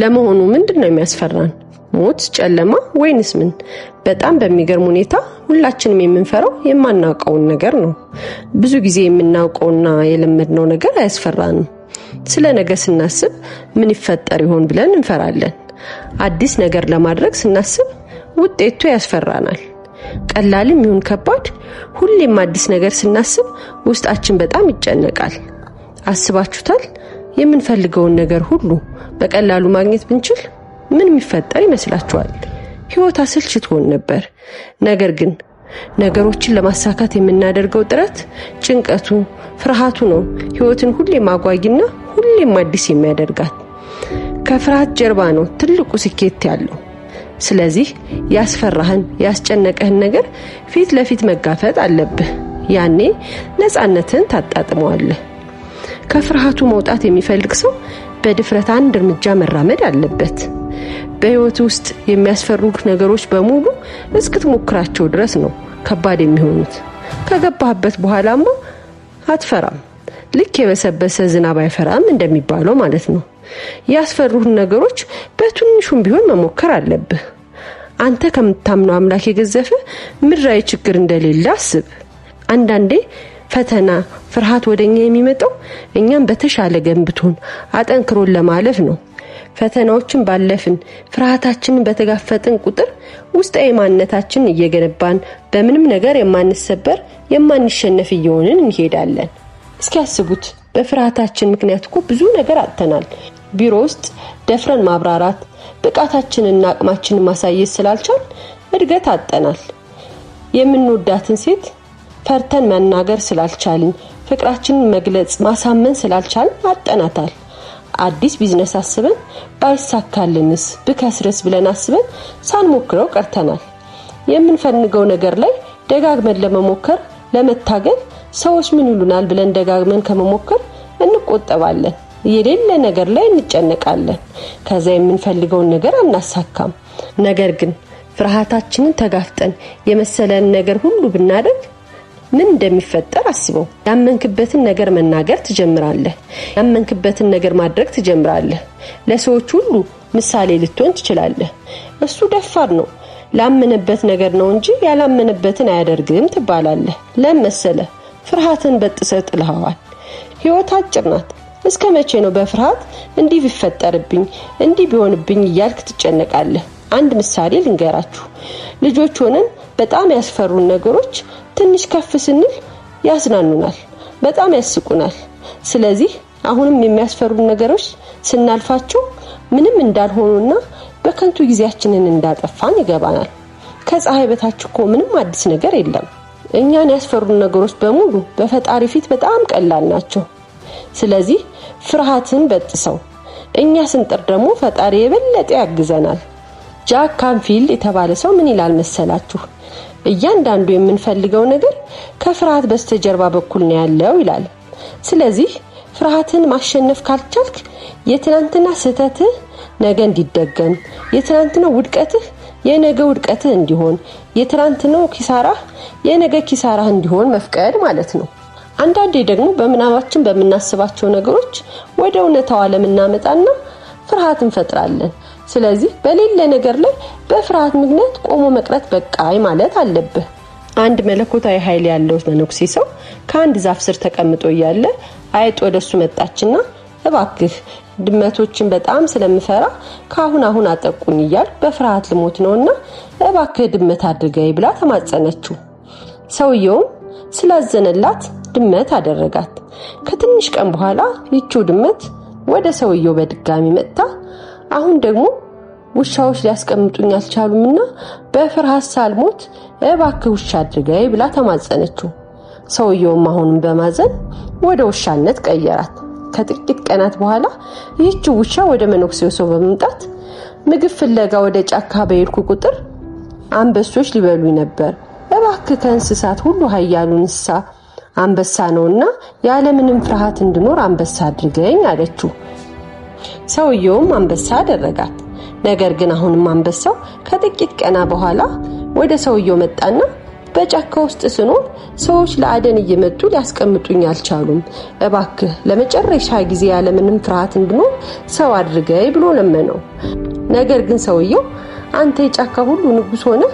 ለመሆኑ ምንድን ነው የሚያስፈራን? ሞት፣ ጨለማ ወይንስ ምን? በጣም በሚገርም ሁኔታ ሁላችንም የምንፈራው የማናውቀውን ነገር ነው። ብዙ ጊዜ የምናውቀውና የለመድነው ነገር አያስፈራንም። ስለ ነገ ስናስብ ምን ይፈጠር ይሆን ብለን እንፈራለን። አዲስ ነገር ለማድረግ ስናስብ ውጤቱ ያስፈራናል። ቀላልም ይሁን ከባድ፣ ሁሌም አዲስ ነገር ስናስብ ውስጣችን በጣም ይጨነቃል። አስባችሁታል? የምንፈልገውን ነገር ሁሉ በቀላሉ ማግኘት ብንችል ምን የሚፈጠር ይመስላችኋል? ህይወት አሰልች ትሆን ነበር። ነገር ግን ነገሮችን ለማሳካት የምናደርገው ጥረት ጭንቀቱ፣ ፍርሃቱ ነው ህይወትን ሁሌም አጓጊና ሁሌም አዲስ የሚያደርጋት። ከፍርሃት ጀርባ ነው ትልቁ ስኬት ያለው። ስለዚህ ያስፈራህን ያስጨነቀህን ነገር ፊት ለፊት መጋፈጥ አለብህ። ያኔ ነፃነትን ታጣጥመዋለህ። ከፍርሃቱ መውጣት የሚፈልግ ሰው በድፍረት አንድ እርምጃ መራመድ አለበት። በህይወት ውስጥ የሚያስፈሩግ ነገሮች በሙሉ እስክትሞክራቸው ድረስ ነው ከባድ የሚሆኑት። ከገባህበት በኋላማ አትፈራም። ልክ የበሰበሰ ዝናብ አይፈራም እንደሚባለው ማለት ነው። ያስፈሩህን ነገሮች በትንሹም ቢሆን መሞከር አለብህ። አንተ ከምታምነው አምላክ የገዘፈ ምድራዊ ችግር እንደሌለ አስብ። አንዳንዴ ፈተና፣ ፍርሃት ወደ እኛ የሚመጣው እኛም በተሻለ ገንብቶን አጠንክሮን ለማለፍ ነው። ፈተናዎችን ባለፍን፣ ፍርሃታችንን በተጋፈጥን ቁጥር ውስጣዊ ማንነታችንን እየገነባን በምንም ነገር የማንሰበር የማንሸነፍ እየሆንን እንሄዳለን። እስኪ ያስቡት፣ በፍርሃታችን ምክንያት እኮ ብዙ ነገር አጥተናል። ቢሮ ውስጥ ደፍረን ማብራራት፣ ብቃታችንና አቅማችንን ማሳየት ስላልቻል እድገት አጠናል። የምንወዳትን ሴት ፈርተን መናገር ስላልቻልን፣ ፍቅራችንን መግለጽ ማሳመን ስላልቻልን አጠናታል። አዲስ ቢዝነስ አስበን ባይሳካልንስ ብከስርስ ብለን አስበን ሳንሞክረው ቀርተናል። የምንፈልገው ነገር ላይ ደጋግመን ለመሞከር ለመታገል ሰዎች ምን ይሉናል ብለን ደጋግመን ከመሞከር እንቆጠባለን። የሌለ ነገር ላይ እንጨነቃለን። ከዛ የምንፈልገውን ነገር አናሳካም። ነገር ግን ፍርሃታችንን ተጋፍጠን የመሰለን ነገር ሁሉ ብናደርግ ምን እንደሚፈጠር አስበው። ያመንክበትን ነገር መናገር ትጀምራለህ። ያመንክበትን ነገር ማድረግ ትጀምራለህ። ለሰዎች ሁሉ ምሳሌ ልትሆን ትችላለህ። እሱ ደፋር ነው፣ ላመነበት ነገር ነው እንጂ ያላመነበትን አያደርግም ትባላለህ። ለመሰለ ፍርሃትን በጥሰ ጥልኸዋል። ህይወት አጭር ናት። እስከ መቼ ነው በፍርሃት እንዲህ ቢፈጠርብኝ እንዲህ ቢሆንብኝ እያልክ ትጨነቃለህ? አንድ ምሳሌ ልንገራችሁ። ልጆች ሆነን በጣም ያስፈሩን ነገሮች ትንሽ ከፍ ስንል ያዝናኑናል፣ በጣም ያስቁናል። ስለዚህ አሁንም የሚያስፈሩን ነገሮች ስናልፋቸው ምንም እንዳልሆኑና በከንቱ ጊዜያችንን እንዳጠፋን ይገባናል። ከፀሐይ በታች እኮ ምንም አዲስ ነገር የለም። እኛን ያስፈሩን ነገሮች በሙሉ በፈጣሪ ፊት በጣም ቀላል ናቸው። ስለዚህ ፍርሃትን በጥሰው እኛ ስንጥር ደግሞ ፈጣሪ የበለጠ ያግዘናል። ጃክ ካንፊልድ የተባለ ሰው ምን ይላል መሰላችሁ? እያንዳንዱ የምንፈልገው ነገር ከፍርሃት በስተጀርባ በኩል ነው ያለው ይላል። ስለዚህ ፍርሃትን ማሸነፍ ካልቻልክ የትናንትና ስህተትህ ነገ እንዲደገም፣ የትናንትናው ውድቀትህ የነገ ውድቀትህ እንዲሆን፣ የትናንትናው ኪሳራህ የነገ ኪሳራህ እንዲሆን መፍቀድ ማለት ነው። አንዳንዴ ደግሞ በምናባችን በምናስባቸው ነገሮች ወደ እውነታው ዓለም እናመጣና ፍርሃት እንፈጥራለን። ስለዚህ በሌለ ነገር ላይ በፍርሃት ምክንያት ቆሞ መቅረት በቃይ ማለት አለብህ። አንድ መለኮታዊ ኃይል ያለው መነኩሴ ሰው ከአንድ ዛፍ ስር ተቀምጦ እያለ አይጥ ወደሱ መጣችና እባክህ ድመቶችን በጣም ስለምፈራ ከአሁን አሁን አጠቁኝ እያል በፍርሃት ልሞት ነውና እባክህ ድመት አድርገኝ ብላ ተማጸነችው። ሰውየውም ስላዘነላት ድመት አደረጋት። ከትንሽ ቀን በኋላ ይቺው ድመት ወደ ሰውየው በድጋሚ መጥታ አሁን ደግሞ ውሻዎች ሊያስቀምጡኝ አልቻሉምና በፍርሃት ሳልሞት እባክህ ውሻ አድርገኝ ብላ ተማጸነችው። ሰውየውም አሁንም በማዘን ወደ ውሻነት ቀየራት። ከጥቂት ቀናት በኋላ ይህች ውሻ ወደ መነኩሴው ሰው በመምጣት ምግብ ፍለጋ ወደ ጫካ በሄድኩ ቁጥር አንበሶች ሊበሉኝ ነበር። እባክህ ከእንስሳት ሁሉ ኃያሉ እንስሳ አንበሳ ነውና ያለምንም ፍርሃት እንድኖር አንበሳ አድርገኝ አለችው። ሰውየውም አንበሳ አደረጋት። ነገር ግን አሁንም አንበሳው ከጥቂት ቀና በኋላ ወደ ሰውየው መጣና በጫካ ውስጥ ስኖር ሰዎች ለአደን እየመጡ ሊያስቀምጡኝ አልቻሉም። እባክህ ለመጨረሻ ጊዜ ያለምንም ፍርሃት እንድኖር ሰው አድርገይ ብሎ ለመነው። ነገር ግን ሰውየው አንተ የጫካ ሁሉ ንጉሥ ሆነ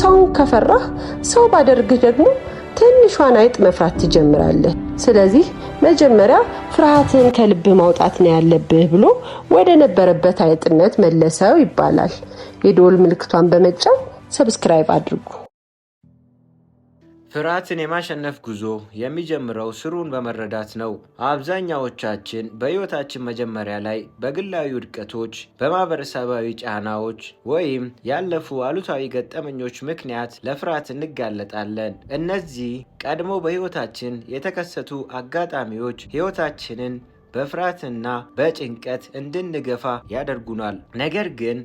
ሰውን ከፈራህ ሰው ባደርግህ ደግሞ ትንሿን አይጥ መፍራት ትጀምራለህ። ስለዚህ መጀመሪያ ፍርሃትን ከልብ ማውጣት ነው ያለብህ ብሎ ወደ ነበረበት አይጥነት መለሰው ይባላል። የደወል ምልክቷን በመጫን ሰብስክራይብ አድርጉ። ፍርሃትን የማሸነፍ ጉዞ የሚጀምረው ስሩን በመረዳት ነው። አብዛኛዎቻችን በሕይወታችን መጀመሪያ ላይ በግላዊ ውድቀቶች፣ በማህበረሰባዊ ጫናዎች ወይም ያለፉ አሉታዊ ገጠመኞች ምክንያት ለፍርሃት እንጋለጣለን። እነዚህ ቀድሞ በሕይወታችን የተከሰቱ አጋጣሚዎች ሕይወታችንን በፍርሃትና በጭንቀት እንድንገፋ ያደርጉናል። ነገር ግን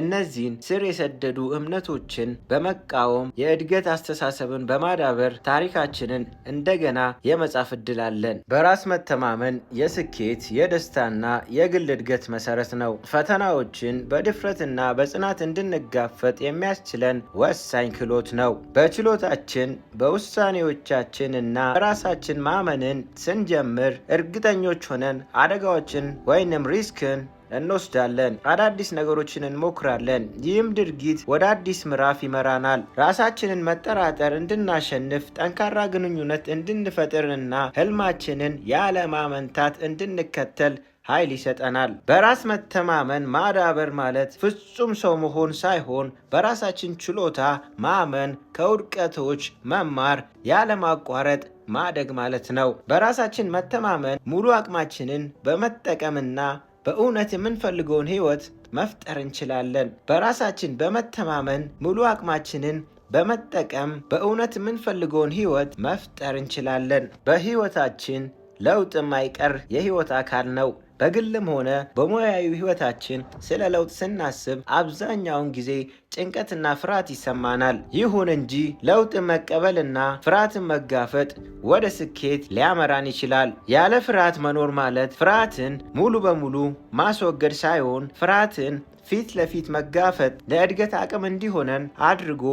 እነዚህን ስር የሰደዱ እምነቶችን በመቃወም የእድገት አስተሳሰብን በማዳበር ታሪካችንን እንደገና የመጻፍ እድል አለን። በራስ መተማመን የስኬት የደስታና የግል እድገት መሰረት ነው። ፈተናዎችን በድፍረትና በጽናት እንድንጋፈጥ የሚያስችለን ወሳኝ ክህሎት ነው። በችሎታችን በውሳኔዎቻችን እና በራሳችን ማመንን ስንጀምር እርግጠኞች ሆነን አደጋዎችን ወይንም ሪስክን እንወስዳለን። አዳዲስ ነገሮችን እንሞክራለን። ይህም ድርጊት ወደ አዲስ ምዕራፍ ይመራናል። ራሳችንን መጠራጠር እንድናሸንፍ፣ ጠንካራ ግንኙነት እንድንፈጥርና ህልማችንን ያለማመንታት እንድንከተል ኃይል ይሰጠናል። በራስ መተማመን ማዳበር ማለት ፍጹም ሰው መሆን ሳይሆን በራሳችን ችሎታ ማመን፣ ከውድቀቶች መማር፣ ያለማቋረጥ ማደግ ማለት ነው። በራሳችን መተማመን ሙሉ አቅማችንን በመጠቀምና በእውነት የምንፈልገውን ህይወት መፍጠር እንችላለን። በራሳችን በመተማመን ሙሉ አቅማችንን በመጠቀም በእውነት የምንፈልገውን ህይወት መፍጠር እንችላለን። በህይወታችን ለውጥ የማይቀር የህይወት አካል ነው። በግልም ሆነ በሙያዊ ህይወታችን ስለ ለውጥ ስናስብ አብዛኛውን ጊዜ ጭንቀትና ፍርሃት ይሰማናል። ይሁን እንጂ ለውጥን መቀበልና ፍርሃትን መጋፈጥ ወደ ስኬት ሊያመራን ይችላል። ያለ ፍርሃት መኖር ማለት ፍርሃትን ሙሉ በሙሉ ማስወገድ ሳይሆን ፍርሃትን ፊት ለፊት መጋፈጥ ለእድገት አቅም እንዲሆነን አድርጎ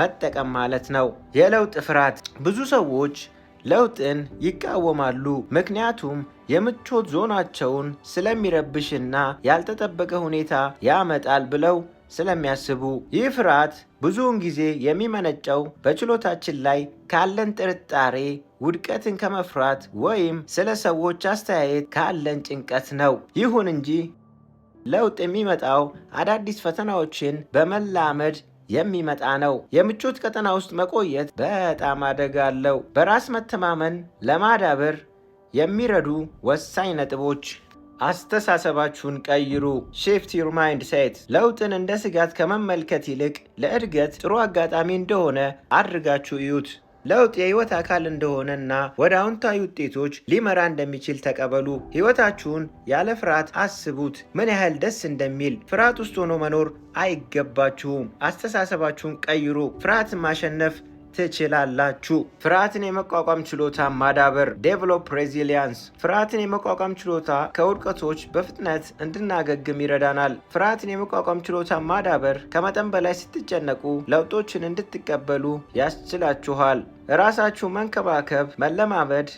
መጠቀም ማለት ነው። የለውጥ ፍርሃት ብዙ ሰዎች ለውጥን ይቃወማሉ፣ ምክንያቱም የምቾት ዞናቸውን ስለሚረብሽና ያልተጠበቀ ሁኔታ ያመጣል ብለው ስለሚያስቡ ይህ ፍርሃት ብዙውን ጊዜ የሚመነጨው በችሎታችን ላይ ካለን ጥርጣሬ፣ ውድቀትን ከመፍራት ወይም ስለ ሰዎች አስተያየት ካለን ጭንቀት ነው። ይሁን እንጂ ለውጥ የሚመጣው አዳዲስ ፈተናዎችን በመላመድ የሚመጣ ነው። የምቾት ቀጠና ውስጥ መቆየት በጣም አደጋ አለው። በራስ መተማመን ለማዳበር የሚረዱ ወሳኝ ነጥቦች አስተሳሰባችሁን ቀይሩ። ሺፍት ዩር ማይንድ ሴት። ለውጥን እንደ ስጋት ከመመልከት ይልቅ ለእድገት ጥሩ አጋጣሚ እንደሆነ አድርጋችሁ እዩት። ለውጥ የህይወት አካል እንደሆነና ወደ አዎንታዊ ውጤቶች ሊመራ እንደሚችል ተቀበሉ። ህይወታችሁን ያለ ፍርሃት አስቡት። ምን ያህል ደስ እንደሚል ፍርሃት ውስጥ ሆኖ መኖር አይገባችሁም። አስተሳሰባችሁን ቀይሩ። ፍርሃትን ማሸነፍ ትችላላችሁ። ፍርሃትን የመቋቋም ችሎታ ማዳበር ዴቨሎፕ ሬዚሊያንስ። ፍርሃትን የመቋቋም ችሎታ ከውድቀቶች በፍጥነት እንድናገግም ይረዳናል። ፍርሃትን የመቋቋም ችሎታ ማዳበር ከመጠን በላይ ስትጨነቁ ለውጦችን እንድትቀበሉ ያስችላችኋል። ራሳችሁ መንከባከብ መለማመድ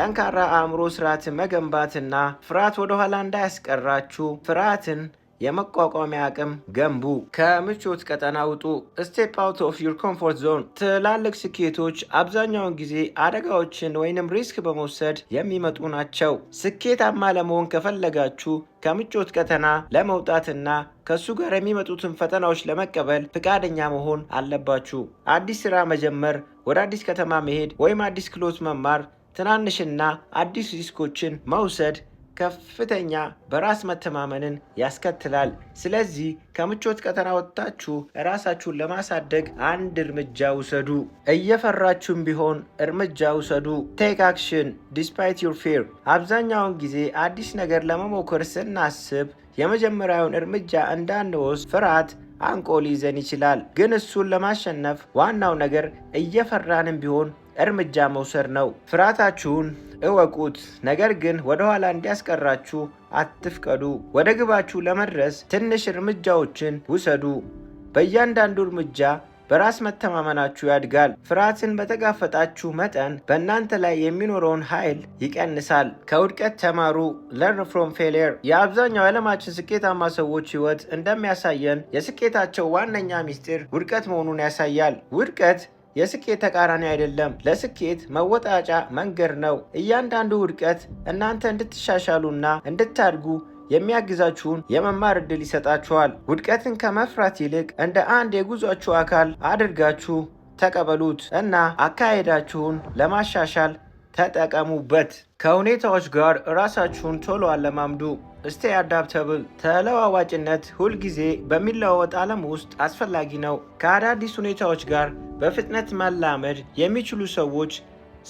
ጠንካራ አእምሮ ስርዓትን መገንባትና ፍርሃት ወደኋላ እንዳያስቀራችሁ ፍርሃትን የመቋቋሚያ አቅም ገንቡ። ከምቾት ቀጠና ውጡ። ስቴፕ አውት ኦፍ ዩር ኮምፎርት ዞን። ትላልቅ ስኬቶች አብዛኛውን ጊዜ አደጋዎችን ወይንም ሪስክ በመውሰድ የሚመጡ ናቸው። ስኬታማ ለመሆን ከፈለጋችሁ ከምቾት ቀጠና ለመውጣትና ከእሱ ጋር የሚመጡትን ፈተናዎች ለመቀበል ፍቃደኛ መሆን አለባችሁ። አዲስ ስራ መጀመር፣ ወደ አዲስ ከተማ መሄድ ወይም አዲስ ክህሎት መማር ትናንሽና አዲስ ሪስኮችን መውሰድ ከፍተኛ በራስ መተማመንን ያስከትላል። ስለዚህ ከምቾት ቀጠና ወጥታችሁ ራሳችሁን ለማሳደግ አንድ እርምጃ ውሰዱ። እየፈራችሁም ቢሆን እርምጃ ውሰዱ። ቴክ አክሽን ዲስፓይት ዩር ፌር። አብዛኛውን ጊዜ አዲስ ነገር ለመሞከር ስናስብ የመጀመሪያውን እርምጃ እንዳንወስድ ፍርሃት አንቆ ሊይዘን ይችላል። ግን እሱን ለማሸነፍ ዋናው ነገር እየፈራንም ቢሆን እርምጃ መውሰድ ነው። ፍርሃታችሁን እወቁት። ነገር ግን ወደኋላ እንዲያስቀራችሁ አትፍቀዱ። ወደ ግባችሁ ለመድረስ ትንሽ እርምጃዎችን ውሰዱ። በእያንዳንዱ እርምጃ በራስ መተማመናችሁ ያድጋል። ፍርሃትን በተጋፈጣችሁ መጠን በእናንተ ላይ የሚኖረውን ኃይል ይቀንሳል። ከውድቀት ተማሩ። ለርን ፍሮም ፌሊየር። የአብዛኛው የዓለማችን ስኬታማ ሰዎች ሕይወት እንደሚያሳየን የስኬታቸው ዋነኛ ሚስጢር ውድቀት መሆኑን ያሳያል። ውድቀት የስኬት ተቃራኒ አይደለም። ለስኬት መወጣጫ መንገድ ነው። እያንዳንዱ ውድቀት እናንተ እንድትሻሻሉና እንድታድጉ የሚያግዛችሁን የመማር እድል ይሰጣችኋል። ውድቀትን ከመፍራት ይልቅ እንደ አንድ የጉዟችሁ አካል አድርጋችሁ ተቀበሉት እና አካሄዳችሁን ለማሻሻል ተጠቀሙበት። ከሁኔታዎች ጋር ራሳችሁን ቶሎ አለማምዱ። እስቴ አዳፕተብል ተለዋዋጭነት ሁልጊዜ በሚለዋወጥ ዓለም ውስጥ አስፈላጊ ነው። ከአዳዲስ ሁኔታዎች ጋር በፍጥነት መላመድ የሚችሉ ሰዎች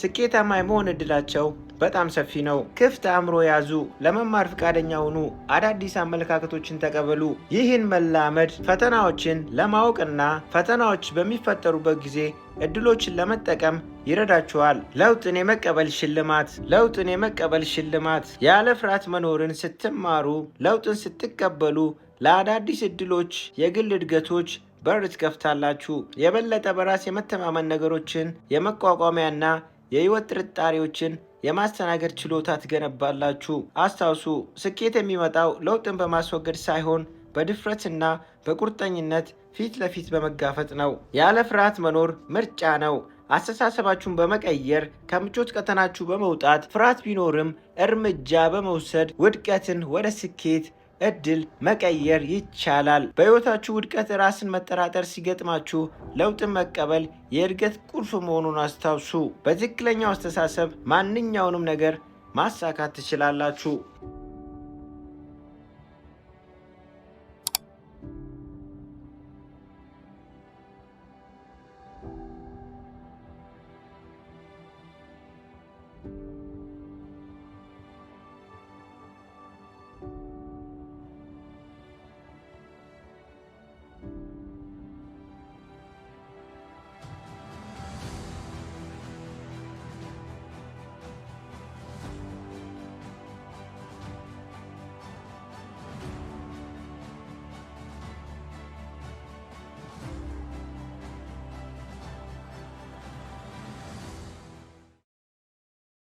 ስኬታማ የመሆን እድላቸው በጣም ሰፊ ነው። ክፍት አእምሮ ያዙ፣ ለመማር ፈቃደኛ ሁኑ፣ አዳዲስ አመለካከቶችን ተቀበሉ። ይህን መላመድ ፈተናዎችን ለማወቅና ፈተናዎች በሚፈጠሩበት ጊዜ እድሎችን ለመጠቀም ይረዳችኋል። ለውጥን የመቀበል ሽልማት ለውጥን የመቀበል ሽልማት ያለ ፍርሃት መኖርን ስትማሩ፣ ለውጥን ስትቀበሉ ለአዳዲስ እድሎች፣ የግል እድገቶች በር ትከፍታላችሁ። የበለጠ በራስ የመተማመን ነገሮችን የመቋቋሚያና የህይወት ጥርጣሬዎችን የማስተናገድ ችሎታ ትገነባላችሁ። አስታውሱ፣ ስኬት የሚመጣው ለውጥን በማስወገድ ሳይሆን በድፍረትና በቁርጠኝነት ፊት ለፊት በመጋፈጥ ነው። ያለ ፍርሃት መኖር ምርጫ ነው። አስተሳሰባችሁን በመቀየር ከምቾት ቀጠናችሁ በመውጣት ፍርሃት ቢኖርም እርምጃ በመውሰድ ውድቀትን ወደ ስኬት እድል መቀየር ይቻላል። በህይወታችሁ ውድቀት፣ ራስን መጠራጠር ሲገጥማችሁ ለውጥን መቀበል የእድገት ቁልፍ መሆኑን አስታውሱ። በትክክለኛው አስተሳሰብ ማንኛውንም ነገር ማሳካት ትችላላችሁ።